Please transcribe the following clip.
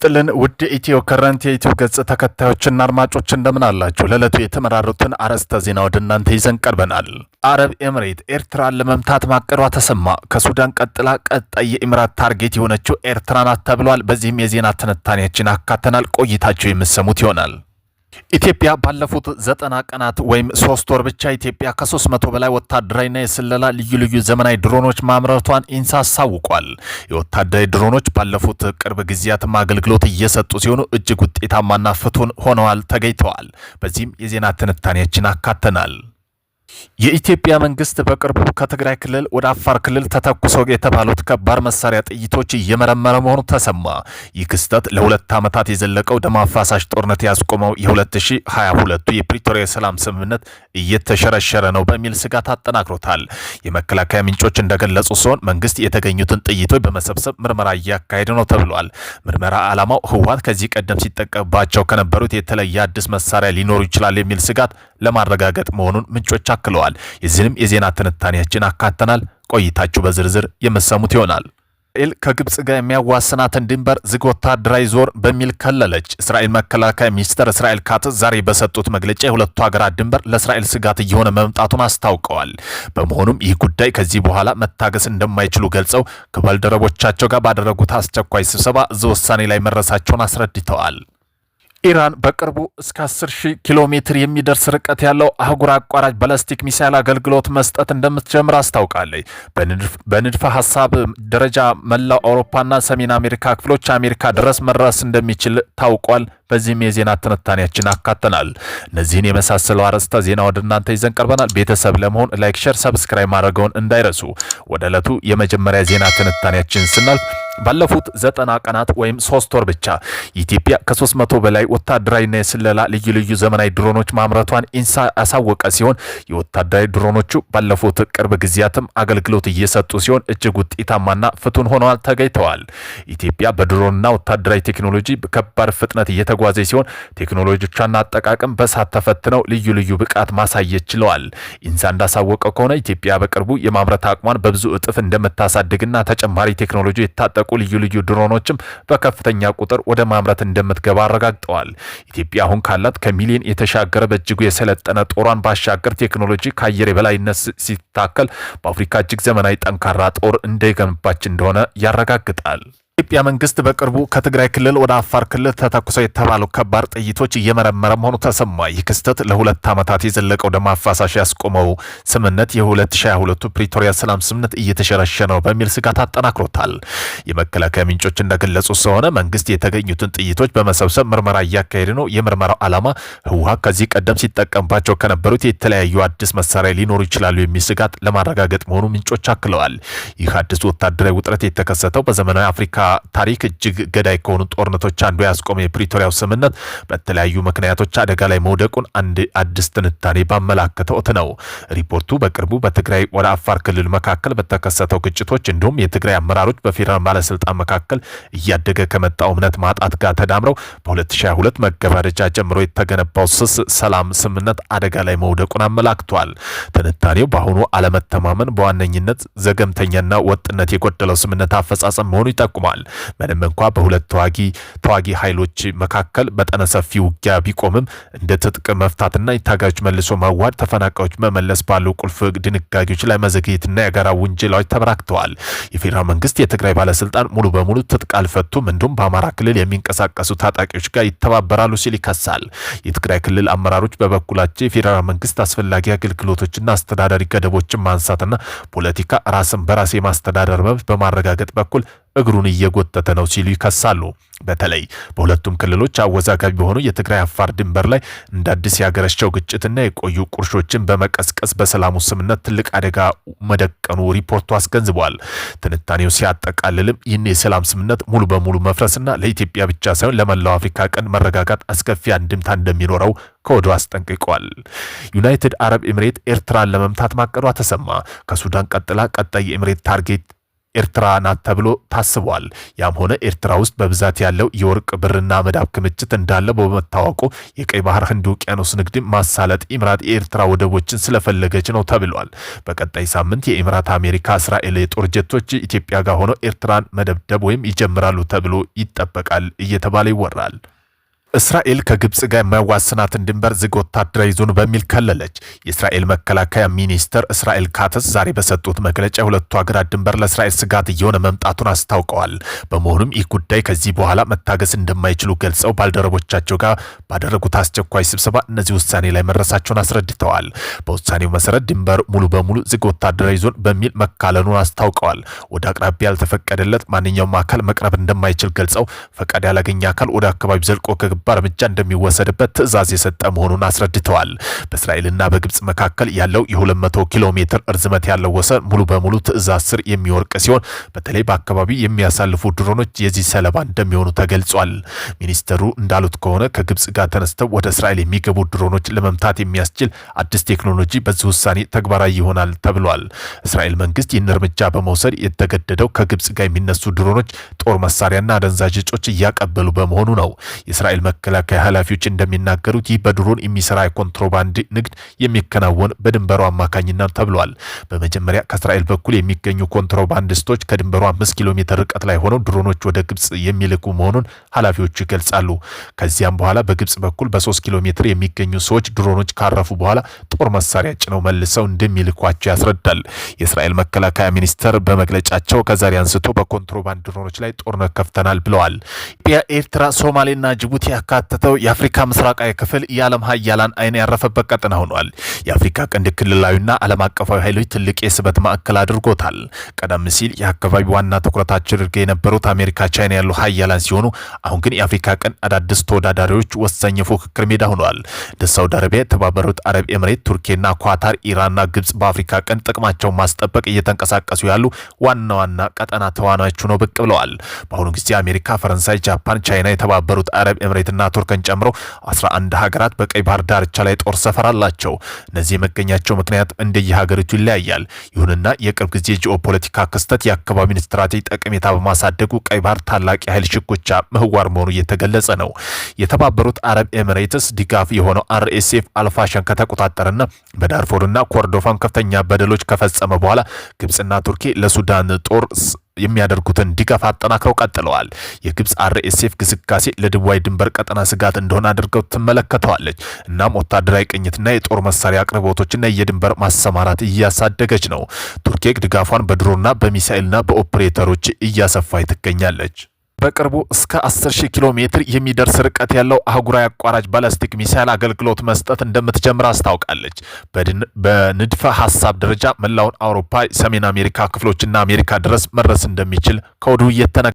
ይስጥልን ውድ ኢትዮ ከረንት የኢትዮ ገጽ ተከታዮችና አድማጮች እንደምን አላችሁ? ለዕለቱ የተመራሩትን አርዕስተ ዜና ወደ እናንተ ይዘን ቀርበናል። አረብ ኤምሬት ኤርትራን ለመምታት ማቀዷ ተሰማ። ከሱዳን ቀጥላ ቀጣይ የኢምራት ታርጌት የሆነችው ኤርትራ ናት ተብሏል። በዚህም የዜና ትንታኔያችን አካተናል። ቆይታቸው የምሰሙት ይሆናል። ኢትዮጵያ ባለፉት ዘጠና ቀናት ወይም ሶስት ወር ብቻ ኢትዮጵያ ከሶስት መቶ በላይ ወታደራዊና የስለላ ልዩ ልዩ ዘመናዊ ድሮኖች ማምረቷን ኢንሳ አሳውቋል። የወታደራዊ ድሮኖች ባለፉት ቅርብ ጊዜያትም አገልግሎት እየሰጡ ሲሆኑ እጅግ ውጤታማና ፍቱን ሆነዋል ተገኝተዋል። በዚህም የዜና ትንታኔያችን አካተናል። የኢትዮጵያ መንግስት በቅርቡ ከትግራይ ክልል ወደ አፋር ክልል ተተኩሶ የተባሉት ከባድ መሳሪያ ጥይቶች እየመረመረ መሆኑ ተሰማ። ይህ ክስተት ለሁለት ዓመታት የዘለቀው ደም አፋሳሽ ጦርነት ያስቆመው የ2022 የፕሪቶሪያ የሰላም ስምምነት እየተሸረሸረ ነው በሚል ስጋት አጠናክሮታል። የመከላከያ ምንጮች እንደገለጹ ሲሆን መንግስት የተገኙትን ጥይቶች በመሰብሰብ ምርመራ እያካሄደ ነው ተብሏል። ምርመራ ዓላማው ህወሓት ከዚህ ቀደም ሲጠቀምባቸው ከነበሩት የተለየ አዲስ መሳሪያ ሊኖሩ ይችላል የሚል ስጋት ለማረጋገጥ መሆኑን ምንጮች አክለዋል። የዚህንም የዜና ትንታኔያችን አካተናል። ቆይታችሁ በዝርዝር የምሰሙት ይሆናል። እስራኤል ከግብጽ ጋር የሚያዋስናትን ድንበር ዝግ ወታደራዊ ዞር በሚል ከለለች። እስራኤል መከላከያ ሚኒስትር እስራኤል ካትዝ ዛሬ በሰጡት መግለጫ የሁለቱ ሀገራት ድንበር ለእስራኤል ስጋት እየሆነ መምጣቱን አስታውቀዋል። በመሆኑም ይህ ጉዳይ ከዚህ በኋላ መታገስ እንደማይችሉ ገልጸው ከባልደረቦቻቸው ጋር ባደረጉት አስቸኳይ ስብሰባ እዚህ ውሳኔ ላይ መድረሳቸውን አስረድተዋል። ኢራን በቅርቡ እስከ 10,000 ኪሎ ሜትር የሚደርስ ርቀት ያለው አህጉር አቋራጭ ባላስቲክ ሚሳይል አገልግሎት መስጠት እንደምትጀምር አስታውቃለች። በንድፈ ሀሳብ ደረጃ መላው አውሮፓና ሰሜን አሜሪካ ክፍሎች አሜሪካ ድረስ መድረስ እንደሚችል ታውቋል። በዚህም የዜና ትንታኔያችን አካተናል። እነዚህን የመሳሰለው አርዕስተ ዜና ወደ እናንተ ይዘን ቀርበናል። ቤተሰብ ለመሆን ላይክ፣ ሸር፣ ሰብስክራይብ ማድረገውን እንዳይረሱ። ወደ ዕለቱ የመጀመሪያ ዜና ትንታኔያችን ስናልፍ ባለፉት ዘጠና ቀናት ወይም ሶስት ወር ብቻ ኢትዮጵያ ከሶስት መቶ በላይ ወታደራዊና የስለላ ልዩ ልዩ ዘመናዊ ድሮኖች ማምረቷን ኢንሳ ያሳወቀ ሲሆን የወታደራዊ ድሮኖቹ ባለፉት ቅርብ ጊዜያትም አገልግሎት እየሰጡ ሲሆን እጅግ ውጤታማና ፍቱን ሆነዋል ተገኝተዋል። ኢትዮጵያ በድሮንና ወታደራዊ ቴክኖሎጂ በከባድ ፍጥነት እየተጓዘ ሲሆን ቴክኖሎጂቿና አጠቃቀም በሳት ተፈትነው ልዩ ልዩ ብቃት ማሳየት ችለዋል። ኢንሳ እንዳሳወቀ ከሆነ ኢትዮጵያ በቅርቡ የማምረት አቅሟን በብዙ እጥፍ እንደምታሳድግና ተጨማሪ ቴክኖሎጂ የታጠቁ የሚታጠቁ ልዩ ልዩ ድሮኖችም በከፍተኛ ቁጥር ወደ ማምረት እንደምትገባ አረጋግጠዋል። ኢትዮጵያ አሁን ካላት ከሚሊዮን የተሻገረ በእጅጉ የሰለጠነ ጦሯን ባሻገር ቴክኖሎጂ ከአየር የበላይነት ሲታከል በአፍሪካ እጅግ ዘመናዊ ጠንካራ ጦር እንደገነባች እንደሆነ ያረጋግጣል። ኢትዮጵያ መንግስት በቅርቡ ከትግራይ ክልል ወደ አፋር ክልል ተተኩሰው የተባሉ ከባድ ጥይቶች እየመረመረ መሆኑ ተሰማ። ይህ ክስተት ለሁለት ዓመታት የዘለቀው ደም አፋሳሽ ያስቆመው ስምምነት የ2022ቱ ፕሪቶሪያ ሰላም ስምምነት እየተሸረሸ ነው በሚል ስጋት አጠናክሮታል። የመከላከያ ምንጮች እንደገለጹ ስለሆነ መንግስት የተገኙትን ጥይቶች በመሰብሰብ ምርመራ እያካሄደ ነው። የምርመራው ዓላማ ህወሓት ከዚህ ቀደም ሲጠቀምባቸው ከነበሩት የተለያዩ አዲስ መሳሪያ ሊኖሩ ይችላሉ የሚል ስጋት ለማረጋገጥ መሆኑ ምንጮች አክለዋል። ይህ አዲስ ወታደራዊ ውጥረት የተከሰተው በዘመናዊ አፍሪካ ታሪክ እጅግ ገዳይ ከሆኑ ጦርነቶች አንዱ ያስቆመ የፕሪቶሪያው ስምምነት በተለያዩ ምክንያቶች አደጋ ላይ መውደቁን አንድ አዲስ ትንታኔ ባመላከተውት ነው። ሪፖርቱ በቅርቡ በትግራይ ወደ አፋር ክልል መካከል በተከሰተው ግጭቶች እንዲሁም የትግራይ አመራሮች በፌዴራል ባለስልጣን መካከል እያደገ ከመጣው እምነት ማጣት ጋር ተዳምረው በ2022 መገባደጃ ጀምሮ የተገነባው ስስ ሰላም ስምምነት አደጋ ላይ መውደቁን አመላክቷል። ትንታኔው በአሁኑ አለመተማመን በዋነኝነት ዘገምተኛና ወጥነት የጎደለው ስምምነት አፈጻጸም መሆኑ ይጠቁማል። ተናግረዋል። ምንም እንኳ በሁለት ተዋጊ ተዋጊ ኃይሎች መካከል መጠነ ሰፊ ውጊያ ቢቆምም እንደ ትጥቅ መፍታትና የታጋዮች መልሶ ማዋድ፣ ተፈናቃዮች መመለስ ባሉ ቁልፍ ድንጋጌዎች ላይ መዘግየትና የጋራ ውንጀላዎች ተበራክተዋል። የፌዴራል መንግስት የትግራይ ባለስልጣን ሙሉ በሙሉ ትጥቅ አልፈቱም፣ እንዲሁም በአማራ ክልል የሚንቀሳቀሱ ታጣቂዎች ጋር ይተባበራሉ ሲል ይከሳል። የትግራይ ክልል አመራሮች በበኩላቸው የፌዴራል መንግስት አስፈላጊ አገልግሎቶችና አስተዳደሪ ገደቦችን ማንሳትና ፖለቲካ ራስን በራስ የማስተዳደር መብት በማረጋገጥ በኩል እግሩን እየጎተተ ነው ሲሉ ይከሳሉ። በተለይ በሁለቱም ክልሎች አወዛጋቢ በሆኑ የትግራይ አፋር ድንበር ላይ እንደ አዲስ የሀገረቸው ግጭትና የቆዩ ቁርሾችን በመቀስቀስ በሰላሙ ስምነት ትልቅ አደጋ መደቀኑ ሪፖርቱ አስገንዝቧል። ትንታኔው ሲያጠቃልልም ይህን የሰላም ስምነት ሙሉ በሙሉ መፍረስና ለኢትዮጵያ ብቻ ሳይሆን ለመላው አፍሪካ ቀን መረጋጋት አስከፊ አንድምታ እንደሚኖረው ከወዲሁ አስጠንቅቋል። ዩናይትድ አረብ ኤምሬት ኤርትራን ለመምታት ማቀዷ ተሰማ። ከሱዳን ቀጥላ ቀጣይ የኤምሬት ታርጌት ኤርትራ ናት ተብሎ ታስቧል። ያም ሆነ ኤርትራ ውስጥ በብዛት ያለው የወርቅ ብርና መዳብ ክምችት እንዳለ በመታወቁ የቀይ ባህር ህንድ ውቅያኖስ ንግድ ማሳለጥ ኢምራት የኤርትራ ወደቦችን ስለፈለገች ነው ተብሏል። በቀጣይ ሳምንት የኢምራት አሜሪካ እስራኤል የጦር ጀቶች ኢትዮጵያ ጋር ሆነው ኤርትራን መደብደብ ወይም ይጀምራሉ ተብሎ ይጠበቃል እየተባለ ይወራል። እስራኤል ከግብፅ ጋር የማያዋስናትን ድንበር ዝግ ወታደራዊ ዞን በሚል ከለለች። የእስራኤል መከላከያ ሚኒስትር እስራኤል ካተስ ዛሬ በሰጡት መግለጫ የሁለቱ ሀገራት ድንበር ለእስራኤል ስጋት እየሆነ መምጣቱን አስታውቀዋል። በመሆኑም ይህ ጉዳይ ከዚህ በኋላ መታገስ እንደማይችሉ ገልጸው ባልደረቦቻቸው ጋር ባደረጉት አስቸኳይ ስብሰባ እነዚህ ውሳኔ ላይ መድረሳቸውን አስረድተዋል። በውሳኔው መሰረት ድንበር ሙሉ በሙሉ ዝግ ወታደራዊ ዞን በሚል መካለኑን አስታውቀዋል። ወደ አቅራቢያ ያልተፈቀደለት ማንኛውም አካል መቅረብ እንደማይችል ገልጸው ፈቃድ ያላገኘ አካል ወደ አካባቢ ዘልቆ በሚገባ እርምጃ እንደሚወሰድበት ትዕዛዝ የሰጠ መሆኑን አስረድተዋል። በእስራኤልና በግብጽ መካከል ያለው የ200 ኪሎ ሜትር እርዝመት ያለው ወሰን ሙሉ በሙሉ ትዕዛዝ ስር የሚወርቅ ሲሆን በተለይ በአካባቢ የሚያሳልፉ ድሮኖች የዚህ ሰለባ እንደሚሆኑ ተገልጿል። ሚኒስተሩ እንዳሉት ከሆነ ከግብጽ ጋር ተነስተው ወደ እስራኤል የሚገቡ ድሮኖች ለመምታት የሚያስችል አዲስ ቴክኖሎጂ በዚህ ውሳኔ ተግባራዊ ይሆናል ተብሏል። እስራኤል መንግስት ይህን እርምጃ በመውሰድ የተገደደው ከግብጽ ጋር የሚነሱ ድሮኖች ጦር መሳሪያና አደንዛዥ እጾች እያቀበሉ በመሆኑ ነው። የእስራኤል መከላከያ ኃላፊዎች እንደሚናገሩት ይህ በድሮን የሚሰራ የኮንትሮባንድ ንግድ የሚከናወን በድንበሩ አማካኝነት ተብሏል። በመጀመሪያ ከእስራኤል በኩል የሚገኙ ኮንትሮባንድስቶች ከድንበሩ አምስት ኪሎ ሜትር ርቀት ላይ ሆነው ድሮኖች ወደ ግብፅ የሚልኩ መሆኑን ኃላፊዎቹ ይገልጻሉ። ከዚያም በኋላ በግብፅ በኩል በሶስት ኪሎ ሜትር የሚገኙ ሰዎች ድሮኖች ካረፉ በኋላ ጦር መሳሪያ ጭነው መልሰው እንደሚልኳቸው ያስረዳል። የእስራኤል መከላከያ ሚኒስተር በመግለጫቸው ከዛሬ አንስቶ በኮንትሮባንድ ድሮኖች ላይ ጦርነት ከፍተናል ብለዋል። ኢትዮጵያ፣ ኤርትራ፣ ሶማሌና ጅቡቲ ያካተተው የአፍሪካ ምስራቃዊ ክፍል የዓለም ሀያላን አይን ያረፈበት ቀጠና ሆኗል። የአፍሪካ ቀንድ ክልላዊና ዓለም አቀፋዊ ኃይሎች ትልቅ የስበት ማዕከል አድርጎታል። ቀደም ሲል የአካባቢ ዋና ትኩረታቸው አድርገው የነበሩት አሜሪካ፣ ቻይና ያሉ ሀያላን ሲሆኑ አሁን ግን የአፍሪካ ቀንድ አዳዲስ ተወዳዳሪዎች ወሳኝ ፉክክር ሜዳ ሆኗል። እንደ ሳውዲ አረቢያ፣ የተባበሩት አረብ ኤምሬት፣ ቱርኬና ኳታር፣ ኢራንና ግብጽ በአፍሪካ ቀንድ ጥቅማቸውን ማስጠበቅ እየተንቀሳቀሱ ያሉ ዋና ዋና ቀጠና ተዋናዮች ነው ብቅ ብለዋል። በአሁኑ ጊዜ አሜሪካ፣ ፈረንሳይ፣ ጃፓን፣ ቻይና፣ የተባበሩት አረብ ኤምሬት ኩዌትና ቱርክን ጨምሮ 11 ሀገራት በቀይ ባህር ዳርቻ ላይ ጦር ሰፈር አላቸው። እነዚህ የመገኛቸው ምክንያት እንደየሀገሪቱ ይለያያል። ይሁንና የቅርብ ጊዜ ጂኦፖለቲካ ክስተት የአካባቢን ስትራቴጂ ጠቀሜታ በማሳደጉ ቀይ ባህር ታላቅ የኃይል ሽኩቻ ምህዋር መሆኑ እየተገለጸ ነው። የተባበሩት አረብ ኤምሬትስ ድጋፍ የሆነው አርኤስኤፍ አልፋሸን ከተቆጣጠረና በዳርፎርና ኮርዶፋን ከፍተኛ በደሎች ከፈጸመ በኋላ ግብፅና ቱርኪ ለሱዳን ጦር የሚያደርጉትን ድጋፍ አጠናክረው ቀጥለዋል። የግብፅ አርኤስኤፍ ግስጋሴ ለደቡባዊ ድንበር ቀጠና ስጋት እንደሆነ አድርገው ትመለከተዋለች። እናም ወታደራዊ ቅኝትና የጦር መሳሪያ አቅርቦቶችና የድንበር ማሰማራት እያሳደገች ነው። ቱርክ ድጋፏን በድሮና በሚሳኤልና በኦፕሬተሮች እያሰፋይ ትገኛለች። በቅርቡ እስከ 10000 ኪሎ ሜትር የሚደርስ ርቀት ያለው አህጉራዊ አቋራጭ ባላስቲክ ሚሳይል አገልግሎት መስጠት እንደምትጀምር አስታውቃለች። በንድፈ ሀሳብ ደረጃ መላውን አውሮፓ፣ ሰሜን አሜሪካ ክፍሎችና አሜሪካ ድረስ መድረስ እንደሚችል ከወዲሁ እየተነ